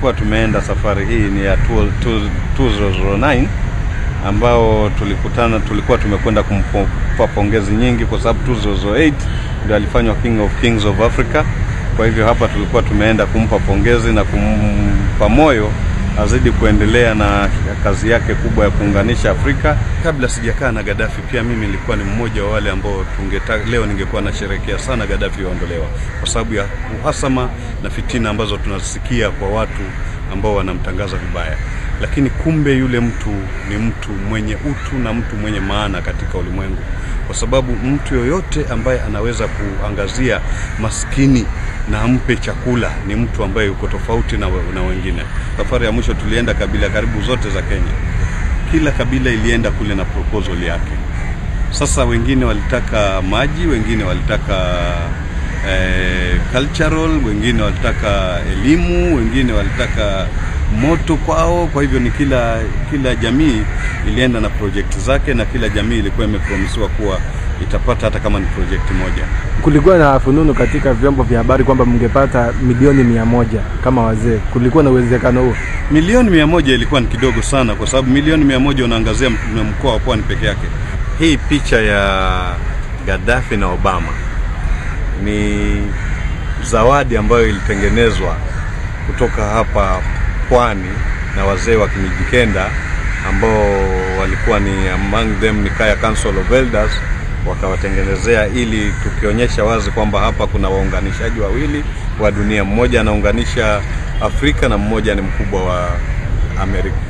tulikuwa tumeenda safari hii ni ya 2009 ambao tulikutana, tulikuwa tumekwenda kumpa pongezi nyingi kwa sababu 2008 ndio alifanywa King of Kings of Africa. Kwa hivyo hapa tulikuwa tumeenda kumpa pongezi na kumpa moyo azidi kuendelea na kazi yake kubwa ya kuunganisha Afrika. Kabla sijakaa na Gaddafi, pia mimi nilikuwa ni mmoja wa wale ambao tungeta, leo ningekuwa nasherekea sana Gaddafi yaondolewa, kwa sababu ya uhasama na fitina ambazo tunasikia kwa watu ambao wanamtangaza vibaya lakini kumbe yule mtu ni mtu mwenye utu na mtu mwenye maana katika ulimwengu, kwa sababu mtu yoyote ambaye anaweza kuangazia maskini na ampe chakula ni mtu ambaye yuko tofauti na, na wengine. Safari ya mwisho tulienda kabila karibu zote za Kenya, kila kabila ilienda kule na proposal yake. Sasa wengine walitaka maji, wengine walitaka eh, cultural, wengine walitaka elimu, wengine walitaka moto kwao. Kwa hivyo ni kila kila jamii ilienda na projekti zake, na kila jamii ilikuwa imepromisiwa kuwa itapata hata kama ni project moja. Kulikuwa na fununu katika vyombo vya habari kwamba mngepata milioni mia moja kama wazee, kulikuwa na uwezekano huo? Milioni mia moja ilikuwa ni kidogo sana, kwa sababu milioni mia moja unaangazia mkoa wa Pwani peke yake. Hii picha ya Gaddafi na Obama ni zawadi ambayo ilitengenezwa kutoka hapa Pwani na wazee wa Kimijikenda ambao walikuwa ni among them ni Kaya Council of Elders wakawatengenezea ili tukionyesha wazi kwamba hapa kuna waunganishaji wawili wa dunia, mmoja anaunganisha Afrika na mmoja ni mkubwa wa Amerika.